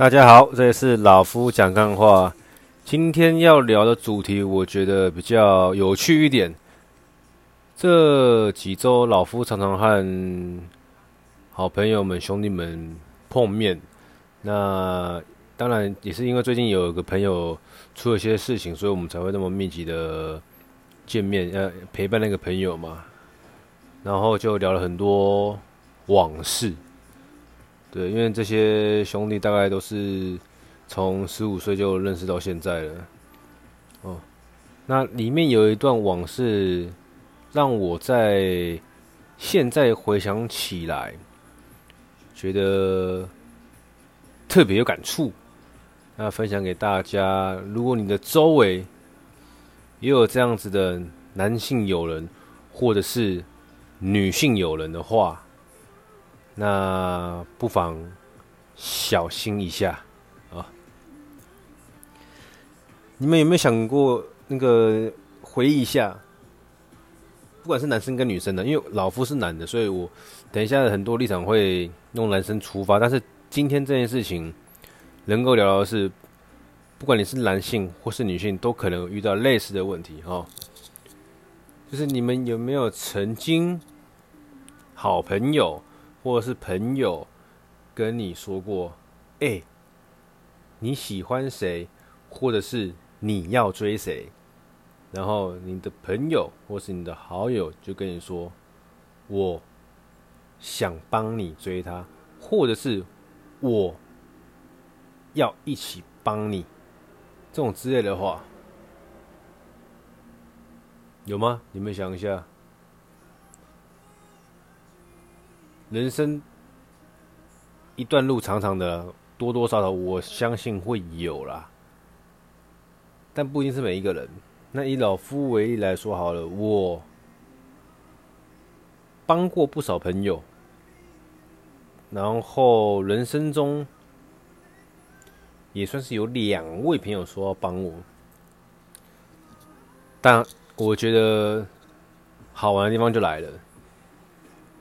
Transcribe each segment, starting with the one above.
大家好，這裡是老夫講幹話。今天要聊的主題，我覺得比較有趣一點。這幾周老夫常常和好朋友們、兄弟們碰面，那當然也是因為最近有一個朋友出了些事情，所以我們才會那麼密集的見面，呃，陪伴那個朋友嘛。然後就聊了很多往事。對，因為這些兄弟大概都是從十五歲就認識到現在了。哦，那裡面有一段往事，讓我在現在回想起來，覺得特別有感觸。那分享給大家，如果你的周圍也有這樣子的男性友人，或者是女性友人的話。那不妨小心一下啊！你們有沒有想過，那個回憶一下？不管是男生跟女生的，因為老夫是男的，所以我等一下很多立場會弄男生出發。但是今天這件事情能夠聊的是，不管你是男性或是女性，都可能遇到類似的問題哈。就是你們有沒有曾經好朋友？或者是朋友跟你說過，哎、欸，你喜歡誰，或者是你要追誰，然後你的朋友或是你的好友就跟你說，我想幫你追他，或者是我要一起幫你，這種之類的話，有嗎？你們想一下。人生一段路長長的，多多少少我相信會有啦，但不一定是每一個人。那以老夫為例來說好了，我幫過不少朋友，然後人生中也算是有兩位朋友說要幫我，但我覺得好玩的地方就來了。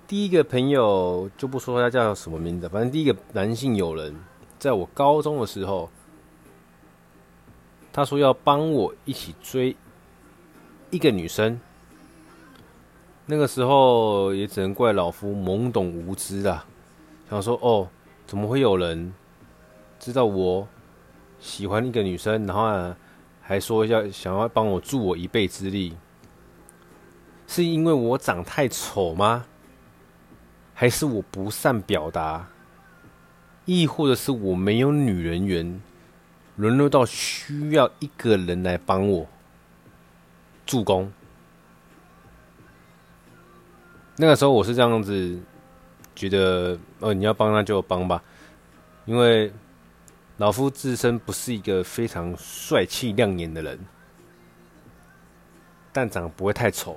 第一個朋友就不說他叫什麼名字，反正第一個男性友人，在我高中的時候，他說要幫我一起追一個女生。那個時候也只能怪老夫懵懂無知啊！想說哦，怎麼會有人知道我喜歡一個女生，然後還說要想要幫我助我一臂之力？是因為我長太醜嗎？還是我不善表達，亦或者是我沒有女人緣，淪落到需要一個人來幫我助攻。那個時候我是這樣子覺得：哦、呃，你要幫那就幫吧，因為老夫自身不是一個非常帥氣亮眼的人，但長得不會太醜。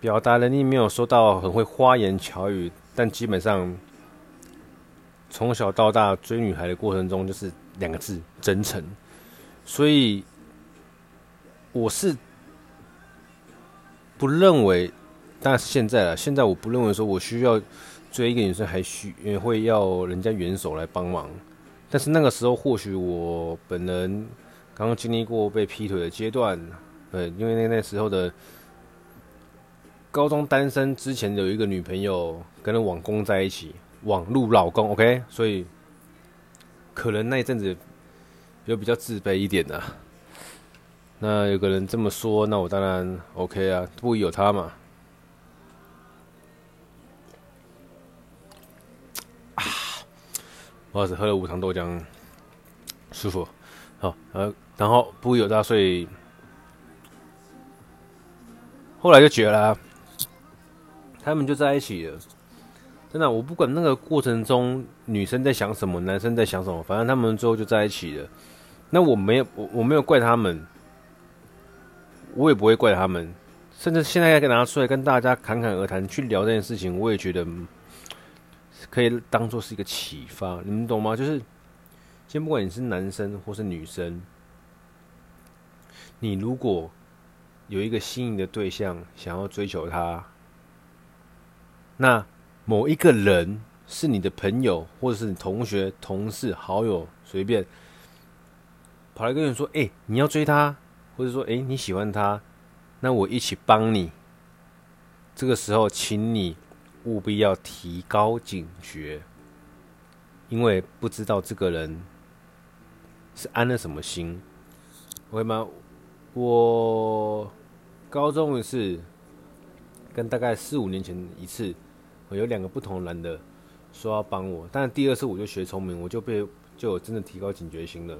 表達能力沒有說到很會花言巧語，但基本上從小到大追女孩的過程中，就是兩個字：真誠。所以我是不認為，但是現在了，現在我不認為說我需要追一個女生，還需會要人家援手來幫忙。但是那個時候或許我本人剛剛經歷過被劈腿的階段，呃，因為那那時候的。高中單身之前有一個女朋友，跟了網工在一起，網路老公，OK，所以可能那一陣子有比較自卑一點的，啊。那有個人這麼說，那我當然 OK 啊，不會有他嘛。啊，我是喝了無糖豆漿，舒服。好，呃，然後不會有他，所以後來就覺得了。他們就在一起了，真的啊，我不管那個過程中女生在想什麼，男生在想什麼，反正他們最後就在一起了。那我沒有，我我沒有怪他們，我也不會怪他們。甚至現在要跟拿出來跟大家侃侃而談去聊這件事情，我也覺得可以當做是一個啟發。你們懂嗎？就是，先不管你是男生或是女生，你如果有一個心儀的對象想要追求他。.那某一個人是你的朋友，或者是你同學、同事、好友，隨便跑來跟你說：“哎、欸，你要追他，或者說哎、欸，你喜歡他，那我一起幫你。”這個時候，請你務必要提高警覺，因為不知道這個人是安了什麼心。我跟你講，我高中也是，跟大概四五年前一次。我有兩個不同的男的說要幫我，但第二次我就學聰明，我就被就有真的提高警覺心了。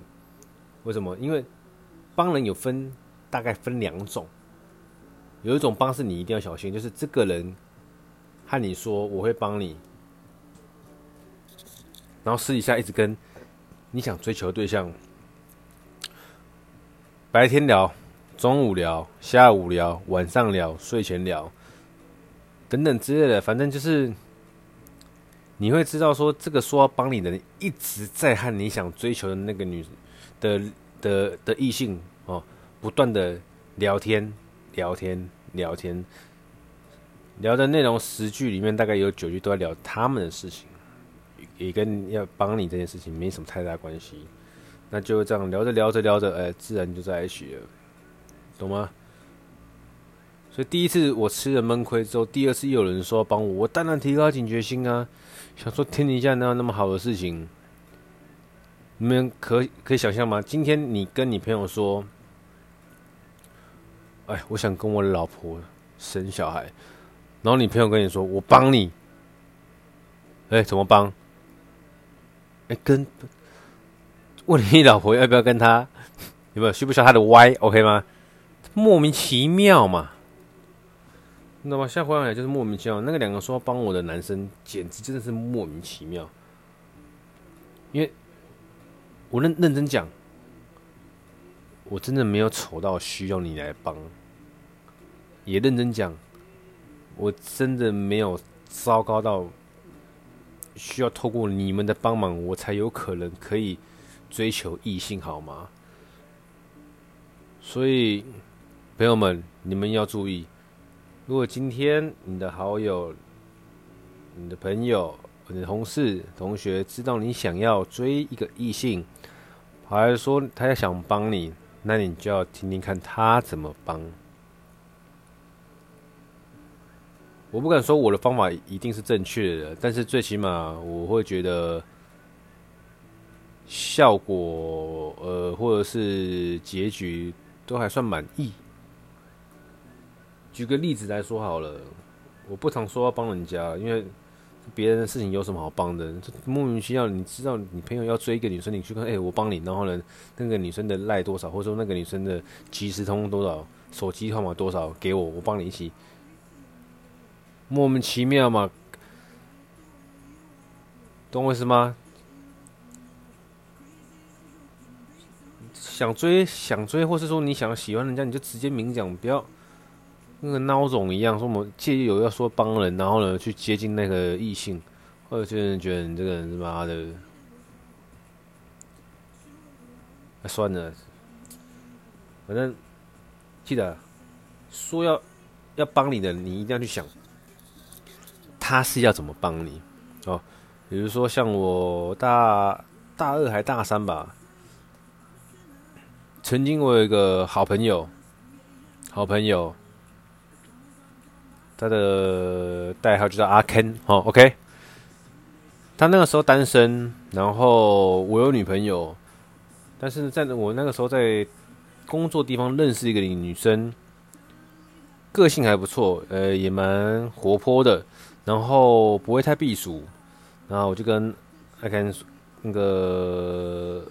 為什麼？因為幫人有分，大概分兩種，有一種幫是你一定要小心，就是這個人和你說我會幫你，然後私底下一直跟你想追求的對象，白天聊，中午聊，下午聊，晚上聊，睡前聊。等等之類的，反正就是你會知道說，這個說要幫你的人一直在和你想追求的那個女的的的異性哦、喔，不斷的聊天、聊天、聊天，聊的內容十句裡面大概有九句都在聊他們的事情，也跟要幫你這件事情沒什麼太大關係。那就這樣聊着聊着聊着，呃、欸，自然就在一起了，懂嗎？所以第一次我吃了悶虧之後，第二次又有人說要幫我，我當然提高警覺心啊。想說天底下哪有那麼好的事情？你們可可以想象嗎？今天你跟你朋友說：“哎，我想跟我老婆生小孩。”然後你朋友跟你說：“我幫你。”欸，哎，怎麼幫？哎，欸，跟，問你老婆要不要跟他？有沒有需不需要他的 Y？OK 嗎？莫名其妙嘛。那麼下回來就是莫名其妙。那個兩個說要幫我的男生，簡直真的是莫名其妙。因為，我認認真講，我真的沒有醜到需要你來幫。也認真講，我真的沒有糟糕到需要透過你們的幫忙，我才有可能可以追求異性，好嗎？所以，朋友們，你們要注意。如果今天你的好友，你的朋友，你的同事，同學知道你想要追一個異性，還說他要想幫你，那你就要聽聽看他怎麼幫。我不敢說我的方法一定是正確的，但是最起碼我會覺得效果，呃，或者是結局都還算滿意。舉個例子來說好了，我不常說要幫人家，因為別人的事情有什麼好幫的？就莫名其妙，你知道你朋友要追一個女生，你去看，哎、欸，我幫你，然後呢，那個女生的賴多少，或者說那個女生的即時通多少，手機號碼多少，給我，我幫你一起。莫名其妙嘛，懂我意思嗎？想追想追，或是說你想喜歡人家，你就直接明講，不要。跟個孬種一樣，說我們介意有要說幫人，然後呢去接近那個異性，或者就是覺得你這個人媽的，算了，反正記得說要要幫你的，你一定要去想他是要怎麼幫你哦。比如說像我大大二還大三吧，曾經我有一個好朋友，好朋友。他的代號就叫阿 Ken，哦，OK。他那個時候單身，然後我有女朋友，但是在我那個時候在工作地方認識一個女生，個性還不錯，呃，也蠻活潑的，然後不會太避暑，然後我就跟阿 Ken 那個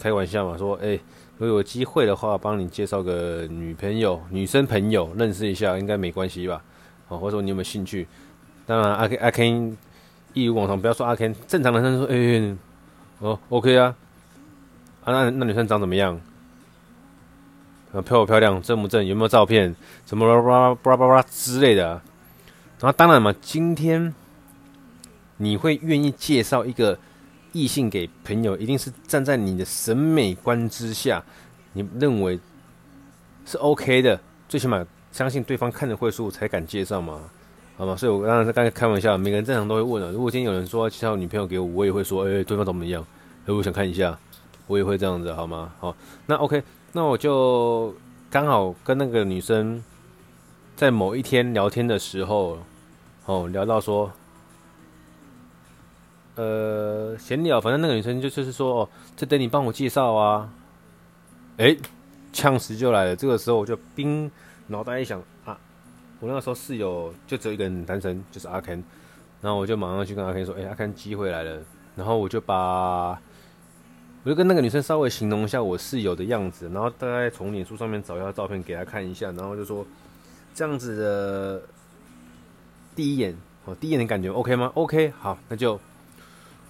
開玩笑嘛，說，哎，如果有機會的話，幫你介紹個女朋友，女生朋友認識一下，應該沒關係吧？或者說你有沒有興趣？當然、啊，阿 k 阿 k 一如往常，不要說阿 k 正常男生說：“哎、欸，哦、喔，OK 啊，啊那那女生長怎麼樣？漂、啊、不漂亮？正不正？有沒有照片？什麼啦啦啦啦啦啦、啦、啦、啦之類的、啊。”然後，當然嘛，今天你會願意介紹一個異性給朋友，一定是站在你的審美觀之下，你認為是 OK 的，最起碼。相信對方看着會熟才敢介紹嘛，好嗎？所以我剛才在剛才開玩笑，每個人正常都會問了、啊。如果今天有人說介紹女朋友給我，我也會說：“哎、欸，對方怎麼樣？哎，我想看一下。”我也會這樣子，好嗎？好，那 OK，那我就剛好跟那個女生在某一天聊天的時候，哦、喔，聊到說，呃，閒聊，反正那個女生就是說：“哦、喔，這等你幫我介紹啊。欸”哎，嗆時就來了，這個時候我就冰。腦袋一想啊，我那個時候室友就只有一個人單身，就是阿 Ken，然後我就馬上去跟阿 Ken 說：“哎、欸，阿 Ken，機會來了。”然後我就把，我就跟那個女生稍微形容一下我室友的樣子，然後大概從臉書上面找一下照片給她看一下，然後就說這樣子的第一眼，我第一眼的感覺 OK 嗎？OK，好，那就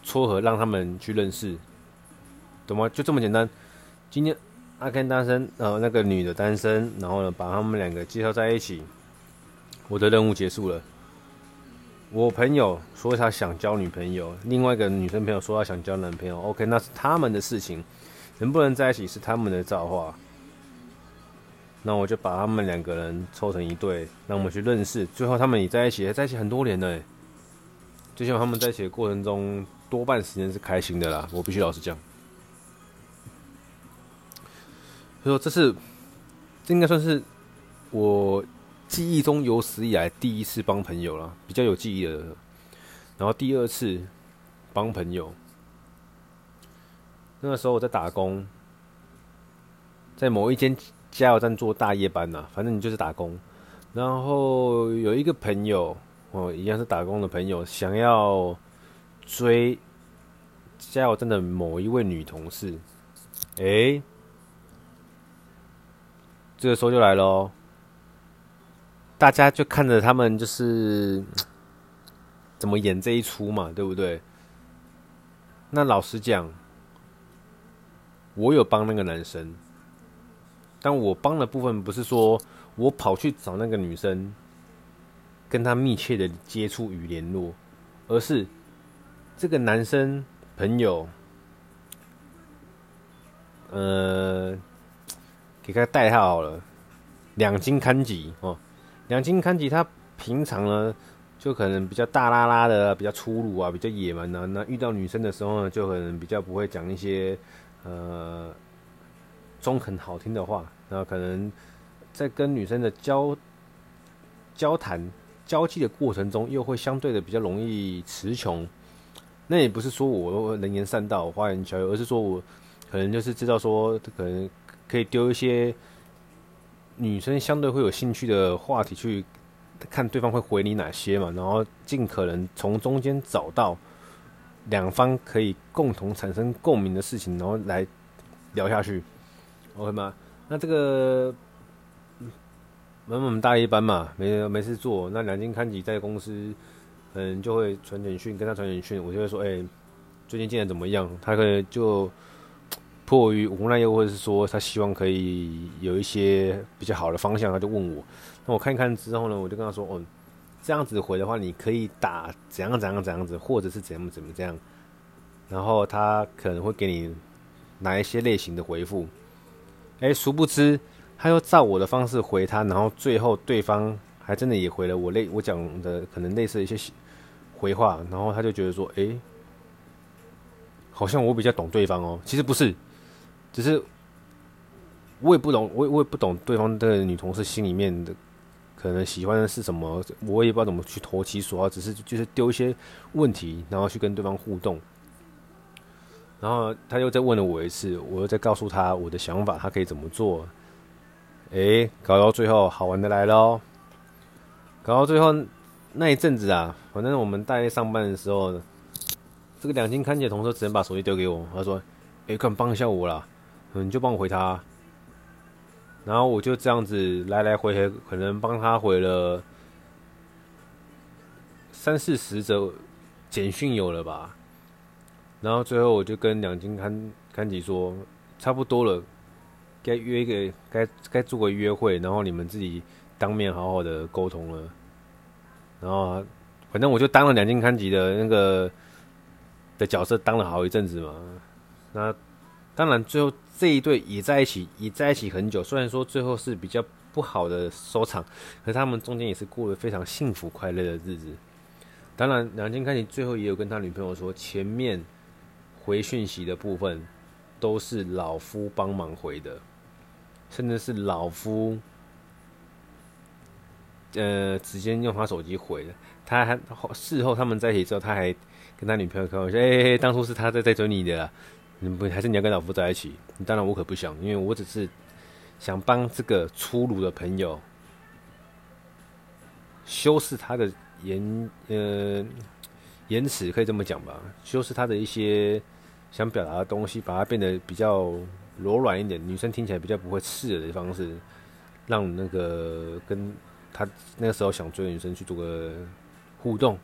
撮合讓他們去認識，懂嗎？就這麼簡單。今天。阿 Ken 單身，呃，那個女的單身，然後呢，把他們兩個介紹在一起。我的任務結束了。我朋友說他想交女朋友，另外一個女生朋友說他想交男朋友。OK，那是他們的事情，能不能在一起是他們的造化。那我就把他們兩個人湊成一對，讓我們去認識。最後他們也在一起，在一起很多年了。就像他們在一起的過程中，多半時間是開心的啦。我必須老實講。所以說，這是，這應該算是我記憶中有史以來第一次幫朋友了，比較有記憶的。然後第二次幫朋友，那個時候我在打工，在某一間加油站做大夜班吶，反正你就是打工。然後有一個朋友，我一樣是打工的朋友，想要追加油站的某一位女同事，欸，誒這個時候就來了，大家就看着他們就是怎麼演這一出嘛，對不對？那老實講，我有幫那個男生，但我幫的部分不是說我跑去找那個女生，跟她密切的接觸與聯絡，而是這個男生朋友，呃。給他代號好了，兩斤堪吉哦，兩斤堪吉，他平常呢就可能比較大拉拉的，比較粗魯啊，比較野蠻呢、啊，那遇到女生的時候呢，就可能比較不會講一些呃中肯好聽的話。那可能在跟女生的交交談、交際的過程中，又會相對的比較容易詞窮。那也不是說我能言善道、花言巧語，而是說我可能就是知道說可能。可以丟一些女生相對會有興趣的話題去看對方會回你哪些嘛，然後盡可能從中間找到兩方可以共同產生共鳴的事情，然後來聊下去，OK 嗎？那這個某某大一班嘛，沒沒事做，那梁靜看你在公司，可能就會傳簡訊跟他傳簡訊，我就會說，哎、欸，最近進展怎麼樣？他可能就。迫於無奈，又或者是說他希望可以有一些比較好的方向，他就問我。那我看看之後呢，我就跟他說：“哦，這樣子回的話，你可以打怎樣怎樣怎樣子，或者是怎樣怎麼這樣。”然後他可能會給你哪一些類型的回復。哎，殊不知他又照我的方式回他，然後最後對方還真的也回了我類我講的可能類似的一些回話，然後他就覺得說：“哎，好像我比較懂對方哦。”其實不是。只是我也不懂，我也我也不懂對方的女同事心裡面的可能喜歡的是什麼，我也不知道怎麼去投其所好。只是就是丟一些問題，然後去跟對方互動。然後他又再問了我一次，我又再告訴他我的想法，他可以怎麼做。誒，搞到最後好玩的來咯。搞到最後那一陣子啊，反正我們大概上班的時候，這個兩斤看起來同事只能把手機丟給我，他說：“誒，快幫一下我啦！”嗯、你就幫我回他，然後我就這樣子來來回回，可能幫他回了三四十則簡訊有了吧。然後最後我就跟兩金看看幾說，差不多了，該約一個，該該做個約會，然後你們自己當面好好的溝通了。然後反正我就當了兩金看幾的那個的角色，當了好一陣子嘛。那。當然，最後這一對也在一起，也在一起很久。雖然說最後是比較不好的收場，可是他們中間也是過得非常幸福、快樂的日子。當然，梁靜你最後也有跟他女朋友說，前面回訊息的部分都是老夫幫忙回的，甚至是老夫呃直接用他手機回的。他還事後他們在一起之後，他還跟他女朋友開玩笑：“誒、欸欸欸，當初是他在在追你的啊。”啦。還是你要跟老夫在一起？當然我可不想，因為我只是想幫這個粗魯的朋友修飾他的言呃言辭，可以這麼講吧？修飾他的一些想表達的東西，把它變得比較柔軟一點，女生聽起來比較不會刺耳的、的方式，讓那個跟他那個時候想追的女生去做個互動。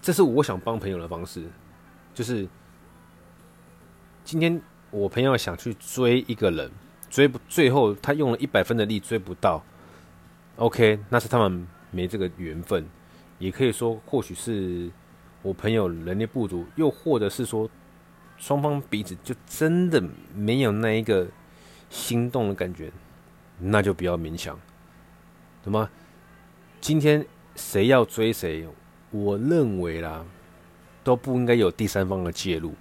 這是我想幫朋友的方式。就是今天，我朋友想去追一個人，追不最後他用了一百分的力追不到，OK，那是他們沒這個緣分，也可以說或許是我朋友能力不足，又或者是說雙方彼此就真的沒有那一個心動的感覺，那就比較勉強，對嗎？今天誰要追誰，我認為啦。都不應該有第三方的介入，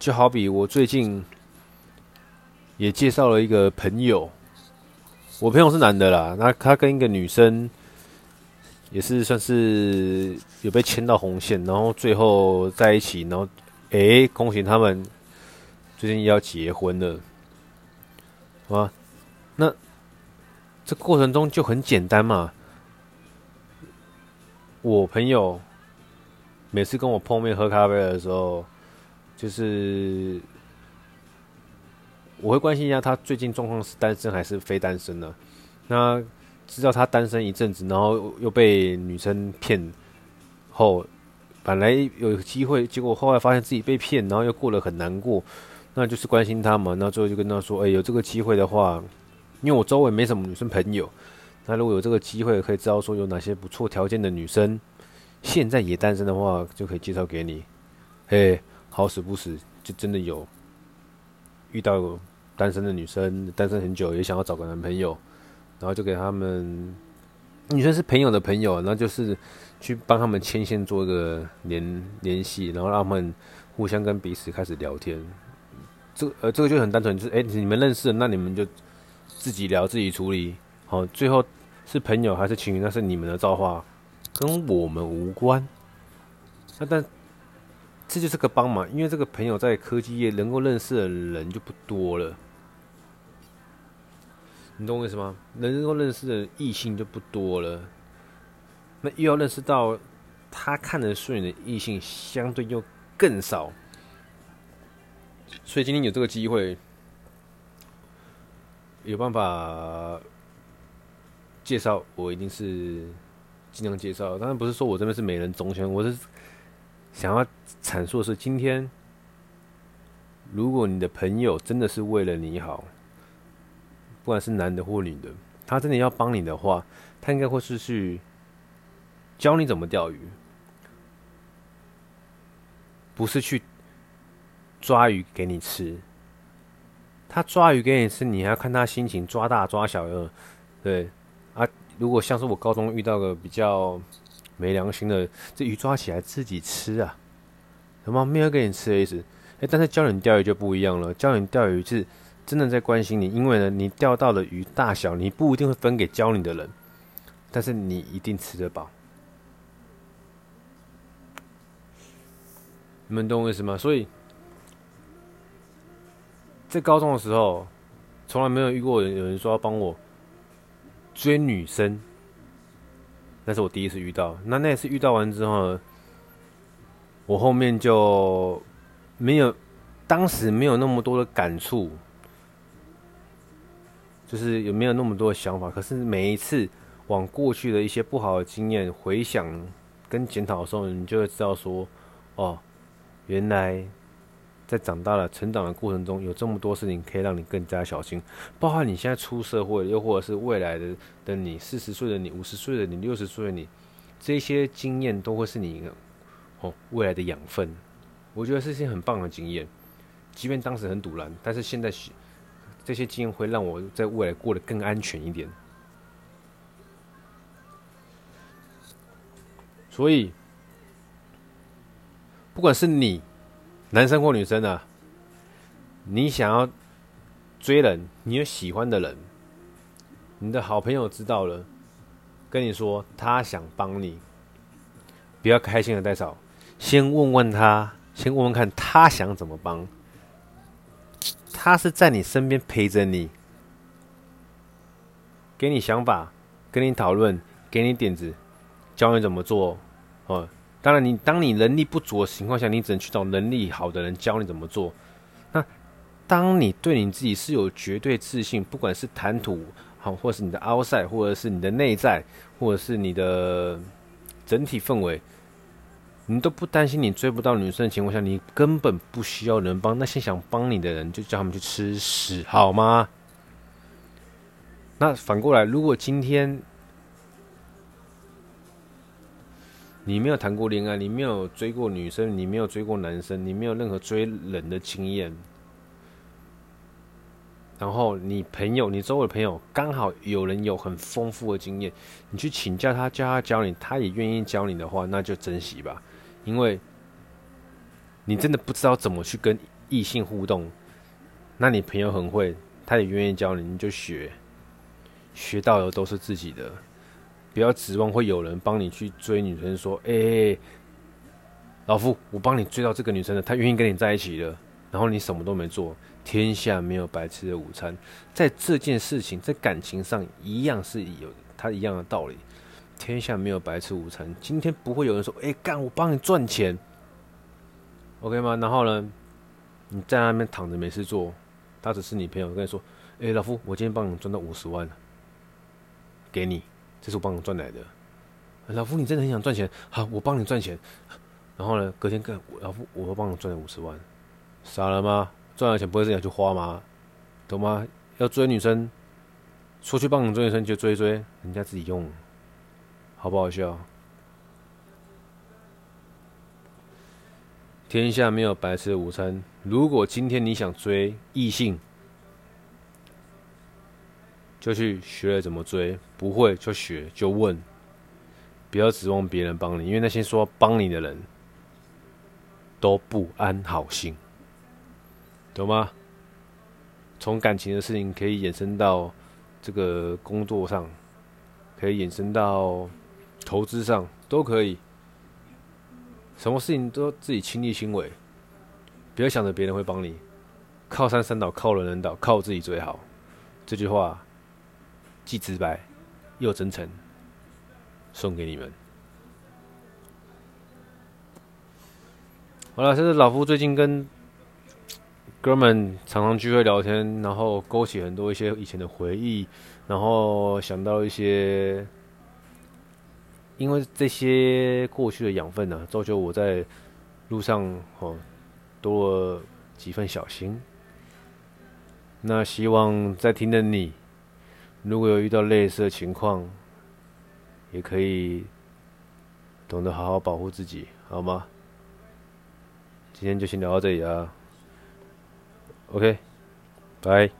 就好比我最近也介紹了一個朋友，我朋友是男的啦，那他跟一個女生也是算是有被牽到紅線，然後最後在一起，然後哎、欸，恭喜他們最近要結婚了，啊，那這過程中就很簡單嘛，我朋友。每次跟我碰面喝咖啡的時候，就是我會關心一下他最近狀況是單身還是非單身呢、啊？那知道他單身一陣子，然後又被女生騙後，本來有機會，結果後來發現自己被騙，然後又過得很難過，那就是關心他嘛。那最後就跟他說：“哎，有這個機會的話，因為我周圍沒什麼女生朋友，那如果有這個機會，可以知道說有哪些不錯條件的女生。”現在也單身的話，就可以介紹給你。嘿、hey，好死不死，就真的有遇到單身的女生，單身很久也想要找個男朋友，然後就給他們女生是朋友的朋友，那就是去幫他們牽線，做一個聯聯繫，然後讓他們互相跟彼此開始聊天。這呃，這個就很單純，就是誒、欸，你們認識，那你們就自己聊，自己處理。好，最後是朋友還是情侶，那是你們的造化。跟我們無關，那但這就是個幫忙，因為這個朋友在科技業能夠認識的人就不多了，你懂我意思嗎？能夠認識的異性就不多了，那又要認識到他看得順眼的異性，相對又更少，所以今天有這個機會，有辦法介紹，我一定是。盡量介紹，當然不是說我這邊是美人總選，我是想要闡述的是，今天如果你的朋友真的是為了你好，不管是男的或女的，他真的要幫你的話，他應該會是去教你怎麼釣魚，不是去抓魚給你吃。他抓魚給你吃，你還要看他心情抓大抓小的，對。如果像是我高中遇到個比較沒良心的，這魚抓起來自己吃啊，什麼沒有給你吃的意思。哎、欸，但是教人釣魚就不一樣了，教人釣魚是真的在關心你，因為呢，你釣到的魚大小，你不一定會分給教你的人，但是你一定吃得飽。你們懂我意思嗎？所以，在高中的時候，從來沒有遇過有人，有人說要幫我追女生，那是我第一次遇到。那那次遇到完之後，我後面就沒有，當時沒有那麼多的感觸，就是也沒有那麼多的想法。可是每一次往過去的一些不好的經驗回想跟檢討的時候，你就會知道說，哦，原來。在長大了、成長的過程中，有這麼多事情可以讓你更加小心，包括你現在出社會，又或者是未來的的你、四十歲的你、五十歲的你、六十歲的你，這些經驗都會是你哦未來的養分。我覺得是一些很棒的經驗，即便當時很賭爛，但是現在這些經驗會讓我在未來過得更安全一點。所以，不管是你。男生或女生呢、啊？你想要追人，你有喜歡的人，你的好朋友知道了，跟你說他想幫你，不要開心的太早，先問問他，先問問看他想怎麼幫，他是在你身邊陪着你，給你想法，跟你討論，給你點子，教你怎麼做，哦。當然你，你當你能力不足的情況下，你只能去找能力好的人教你怎麼做。那當你對你自己是有絕對自信，不管是談吐好，或是你的奧晒，或者是你的內在，或者是你的整體氛圍，你都不擔心你追不到女生的情況下，你根本不需要人幫。那些想幫你的人，就叫他們去吃屎好嗎？那反過來，如果今天。你沒有談過戀愛，你沒有追過女生，你沒有追過男生，你沒有任何追人的經驗。然後你朋友，你周圍的朋友剛好有人有很豐富的經驗，你去請教他，叫他教你，他也願意教你的話，那就珍惜吧，因為你真的不知道怎麼去跟異性互動。那你朋友很會，他也願意教你，你就學，學到的都是自己的。不要指望會有人幫你去追女生，說：“誒、欸，老夫，我幫你追到這個女生了，她願意跟你在一起了。”然後你什麼都沒做，天下沒有白吃的午餐，在這件事情，在感情上一樣是有他一樣的道理，天下沒有白吃午餐。今天不會有人說：“誒、欸，幹，我幫你賺錢，OK 嗎？”然後呢，你在那邊躺着沒事做，他只是你朋友跟你說：“誒、欸，老夫，我今天幫你賺到五十萬，給你。”這是我幫你賺來的，老夫你真的很想賺錢，好、啊，我幫你賺錢、啊。然後呢，隔天幹，老夫我幫你賺了五十萬，傻了嗎？賺了錢不會自己去花嗎？懂嗎？要追女生，出去幫你追女生就追追，人家自己用，好不好笑？天下沒有白癡的午餐，如果今天你想追異性，就去學了怎麼追。不會就學，就問，不要指望別人幫你，因為那些說幫你的人都不安好心，懂嗎？從感情的事情可以衍生到這個工作上，可以衍生到投資上，都可以，什麼事情都自己親力親為，不要想着別人會幫你，靠山山倒，靠人人倒，靠自己最好。這句話既直白。又真誠，送給你們。好了，這是老夫最近跟哥們常常聚會聊天，然後勾起很多一些以前的回憶，然後想到一些，因為這些過去的養分呢、啊，造就我在路上哦多了幾份小心。那希望在聽的你，如果有遇到類似的情況，也可以懂得好好保護自己，好嗎？今天就先聊到這裡啊。OK，Bye。